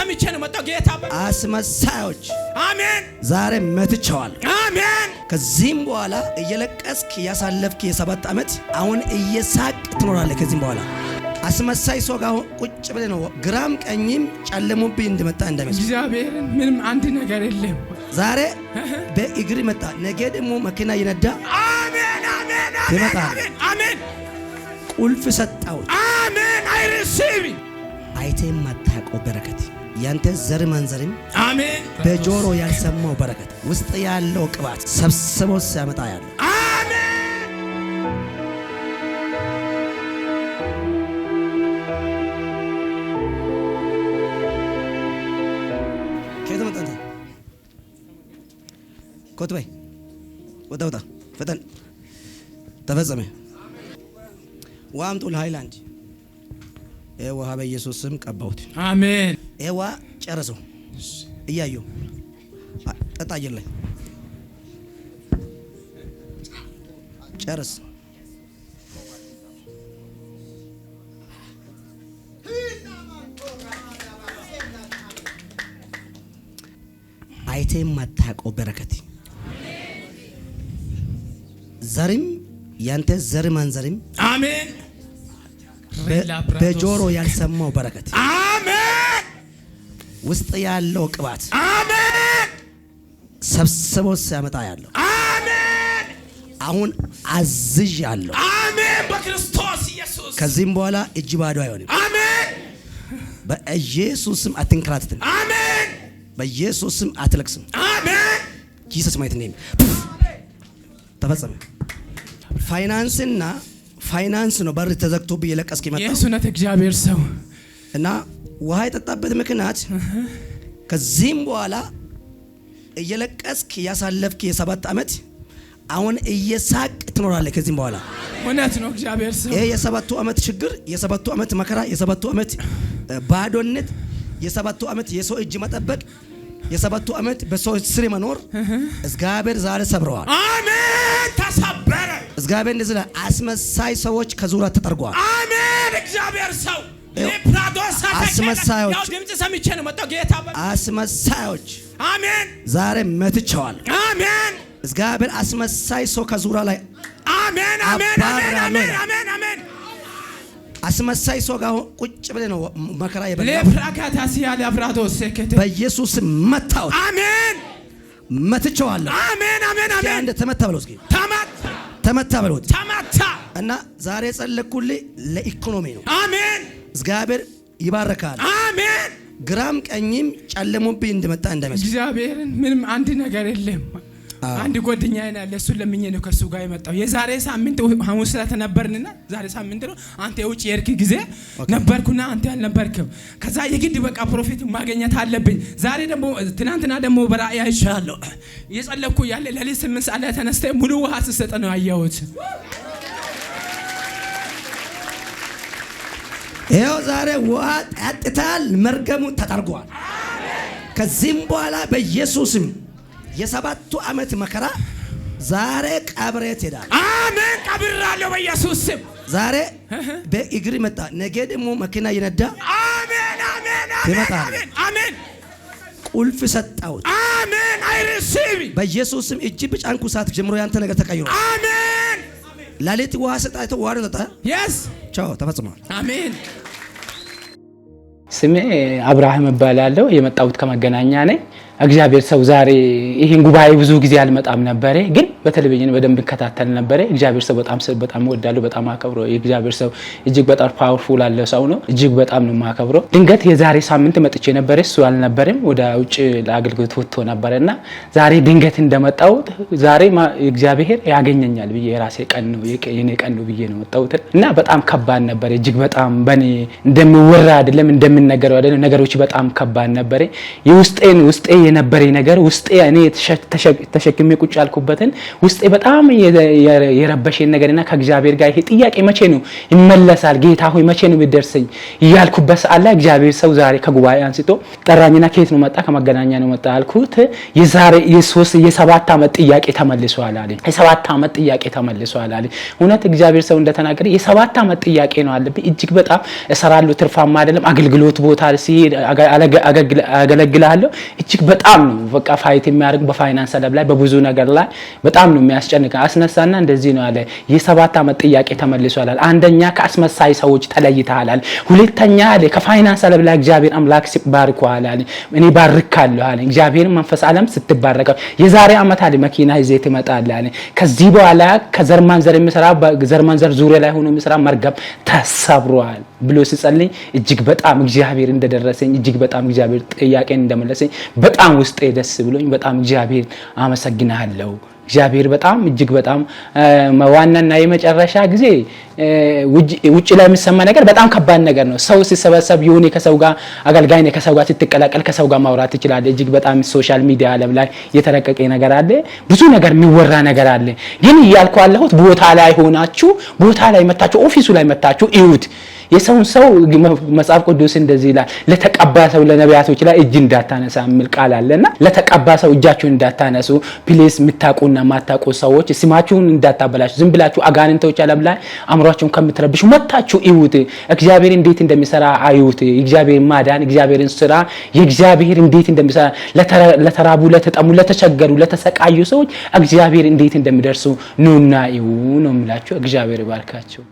ሰምቼ ነው መጣው። ጌታ አስመሳዮች፣ አሜን። ዛሬ መትቸዋል አሜን። ከዚህም በኋላ እየለቀስክ ያሳለፍክ የሰባት ዓመት አሁን እየሳቅ ትኖራለህ። ከዚህም በኋላ አስመሳይ ሰው ጋር ቁጭ ብለህ ነው ግራም ቀኝም ጨለሙብኝ እንደመጣ እንደሚመስል እግዚአብሔርን ምንም አንድ ነገር የለም። ዛሬ በእግር መጣ፣ ነገ ደግሞ መኪና እየነዳ አሜን፣ አሜን፣ ቁልፍ ሰጣው። አሜን። አይርሲቪ አይቴም አታውቀው በረከት ያንተን ዘር ማንዘርም አሜን። በጆሮ ያልሰማው በረከት ውስጥ ያለው ቅባት ሰብስቦ ሲያመጣ ያለው ኮትበይ ወጣ ወጣ ፈጠን ተፈጸመ። ዋምጡ ለሃይላንድ ውሃ በኢየሱስ ስም ቀባሁት። አሜን። ኤዋ ጨረሰው እያዩ ጠጣ ላይ ጨርስ አይቴ የማታውቀው በረከት ዘርም ያንተ ዘር ማንዘርም አሜን በጆሮ ያልሰማው በረከት ውስጥ ያለው ቅባት አሜን። ሰብስቦ ሲያመጣ ያለው አሜን። አሁን አዝዥ ያለው አሜን። በክርስቶስ ኢየሱስ ከዚህም በኋላ እጅ ባዶ አይሆንም። አሜን። በኢየሱስም አትንከራተት። አሜን። በኢየሱስም አትለቅስም። አሜን። ጂሰስ ማየት ነኝ። ተፈጸመ። ፋይናንስና ፋይናንስ ነው በር ተዘግቶብህ የለቀስክ ይመጣ የእውነት እግዚአብሔር ሰው እና ውሃ የጠጣበት ምክንያት ከዚህም በኋላ እየለቀስክ እያሳለፍክ የሰባት ዓመት አሁን እየሳቅ ትኖራለህ። ከዚህም በኋላ እውነት ነው እግዚአብሔር ስም ይሄ የሰባቱ ዓመት ችግር፣ የሰባቱ ዓመት መከራ፣ የሰባቱ ዓመት ባዶነት፣ የሰባቱ ዓመት የሰው እጅ መጠበቅ፣ የሰባቱ ዓመት በሰው ስር መኖር እግዚአብሔር ዛሬ ሰብረዋል። አሜን። ተሰበረ። እግዚአብሔር እንደዚህ አስመሳይ ሰዎች ከዙራ ተጠርጓል። አሜን። እግዚአብሔር ሰው አስመሳዮች ድምጽ ሰምቼ ነው መጣሁ። ጌታ አስመሳዮች አሜን። ዛሬ አሜን። እግዚአብሔር አስመሳይ ሰው ከዙራ ላይ አሜን፣ አሜን፣ አሜን፣ አሜን፣ አሜን። አስመሳይ ሰው ጋር ቁጭ ብለህ ነው መከራ የበላው። በኢየሱስ አሜን። መትቸዋለሁ። አሜን፣ አሜን፣ አሜን። ተመታ ብለው እስኪ ተመታ፣ ተመታ ብለው ተመታ። እና ዛሬ ጸለኩልህ ለኢኮኖሚ ነው። አሜን እግዚአብሔር ይባረካል አሜን። ግራም ቀኝም ጨለሙብኝ እንደመጣ እንደመሰለኝ እግዚአብሔርን ምንም አንድ ነገር የለም። አንድ ጓደኛ ያለ እሱን ለምኜ ነው ከሱ ጋር የመጣው። የዛሬ ሳምንት ሐሙስ ስለተነበርንና ዛሬ ሳምንት ነው አንተ የውጭ የርክ ጊዜ ነበርኩና አንተ ያልነበርክም። ከዛ የግድ በቃ ፕሮፊት ማግኘት አለብኝ። ዛሬ ደግሞ ትናንትና ደግሞ በራእይ አይቻለሁ። እየጸለኩ ያለ ለሊት ስምንት ሰዓት ላይ ተነስተ ሙሉ ውሃ ስሰጥ ነው ያየሁት። ይኸው ዛሬ ውሃ ጠጥታል፣ መርገሙ ተጠርጓል። ከዚህም በኋላ በኢየሱስም የሰባቱ ዓመት መከራ ዛሬ ቀብሬ ትሄዳል። አሜን። ቀብራለሁ በኢየሱስ ስም። ዛሬ በእግር መጣ፣ ነገ ደግሞ መኪና ይነዳ። አሜን፣ አሜን፣ አሜን፣ አሜን። ቁልፍ ሰጣሁት። አሜን። አይ አይርስም በኢየሱስም እጅ ብጫንኩ ሰዓት ጀምሮ ያንተ ነገር ተቀይሯል። አሜን። ላሌት ውሃ ስጣይቶ ዋዶ ጠጣ። የስ ቻው፣ ተፈጽሟል። አሜን። ስሜ አብርሃም እባላለሁ። የመጣሁት ከመገናኛ ነኝ። እግዚአብሔር ሰው ዛሬ ይሄን ጉባኤ ብዙ ጊዜ አልመጣም ነበረ፣ ግን በቴሌቪዥን በደንብ ከታተል ነበረ። እግዚአብሔር ሰው በጣም በጣም እወዳለሁ፣ በጣም አከብረው። የእግዚአብሔር ሰው እጅግ በጣም ፓወርፉል አለ ሰው ነው። እጅግ በጣም ነው የማከብረው። ድንገት የዛሬ ሳምንት መጥቼ ነበረ፣ እሱ አልነበረም፣ ወደ ውጭ ለአገልግሎት ወጥቶ ነበረ እና ዛሬ ድንገት እንደመጣው ዛሬ እግዚአብሔር ያገኘኛል ብዬ የራሴ ቀን ነው የኔ ቀን ነው ብዬ ነው መጣሁት እና በጣም ከባድ ነበረ። እጅግ በጣም በኔ እንደሚወራ አይደለም እንደምንነገረው አይደለም ነገሮች በጣም ከባድ ነበረ። የውስጤን ውስጤ የነበረኝ ነገር ውስጤ እኔ ተሸክሜ ቁጭ ያልኩበትን ውስጤ በጣም የረበሸኝ ነገርና ከእግዚአብሔር ጋር ይሄ ጥያቄ መቼ ነው ይመለሳል? ጌታ ሆይ መቼ ነው ይደርሰኝ እያልኩበት ሰዓት ላይ እግዚአብሔር ሰው ዛሬ ከጉባኤ አንስቶ ጠራኝና ከየት ነው መጣ? ከመገናኛ ነው መጣ አልኩት። የዛሬ የሶስት የሰባት ዓመት ጥያቄ ተመልሷል አለ። የሰባት ዓመት ጥያቄ ተመልሷል አለ። እውነት እግዚአብሔር ሰው እንደተናገረ የሰባት ዓመት ጥያቄ ነው አለብኝ። እጅግ በጣም እሰራለሁ፣ ትርፋማ አይደለም። አገልግሎት ቦታ ሲሄድ አገለግላለሁ እጅግ በጣም ነው በቃ ፋይት የሚያደርግ በፋይናንስ ሰለብ ላይ በብዙ ነገር ላይ በጣም ነው የሚያስጨንቀ። አስነሳና እንደዚህ ነው ያለ የሰባት ዓመት ጥያቄ ተመልሷላል። አንደኛ ከአስመሳይ ሰዎች ተለይተሃላል። ሁለተኛ አለ ከፋይናንስ ሰለብ ላይ እግዚአብሔር አምላክ ሲባርኩ አላል። እኔ ባርካለሁ አለ። እግዚአብሔር መንፈስ ዓለም ስትባረከ የዛሬ ዓመት አለ መኪና ይዘህ ትመጣለህ አለ። ከዚህ በኋላ ከዘር ማንዘር የሚሰራ ዘር ዙሪያ ላይ ሆኖ የሚሰራ መርገብ ተሰብሯል። ብሎ ስጸልኝ እጅግ በጣም እግዚአብሔር እንደደረሰኝ እጅግ በጣም እግዚአብሔር ጥያቄን እንደመለሰኝ በጣም ውስጤ ደስ ብሎኝ በጣም እግዚአብሔር አመሰግናለሁ። እግዚአብሔር በጣም እጅግ በጣም ዋናና የመጨረሻ ጊዜ ውጭ ላይ የሚሰማ ነገር በጣም ከባድ ነገር ነው። ሰው ሲሰበሰብ ይሁን ከሰው ጋር አገልጋይ ነህ፣ ከሰው ጋር ስትቀላቀል ከሰው ጋር ማውራት ትችላለ እጅግ በጣም ሶሻል ሚዲያ አለም ላይ የተረቀቀ ነገር አለ፣ ብዙ ነገር የሚወራ ነገር አለ። ግን እያልኩ ያለሁት ቦታ ላይ ሆናችሁ ቦታ ላይ መታችሁ፣ ኦፊሱ ላይ መታችሁ እዩት። የሰውን ሰው መጽሐፍ ቅዱስ እንደዚህ ይላል፣ ለተቀባ ሰው ለነቢያቶች ላይ እጅ እንዳታነሳ የሚል ቃል አለና ለተቀባ ሰው እጃችሁን እንዳታነሱ ፕሌስ የምታቁና ማታቁ ሰዎች ስማችሁን እንዳታበላሹ። ዝም ብላችሁ አጋንንተዎች አለም ላይ አእምሯችሁን ከምትረብሽ መታችሁ እዩት። እግዚአብሔር እንዴት እንደሚሰራ አዩት። እግዚአብሔር ማዳን፣ እግዚአብሔርን ስራ፣ የእግዚአብሔር እንዴት እንደሚሰራ ለተራቡ፣ ለተጠሙ፣ ለተቸገሩ፣ ለተሰቃዩ ሰዎች እግዚአብሔር እንዴት እንደሚደርሱ ኑና ይዩ ነው የሚላችሁ እግዚአብሔር ይባርካቸው።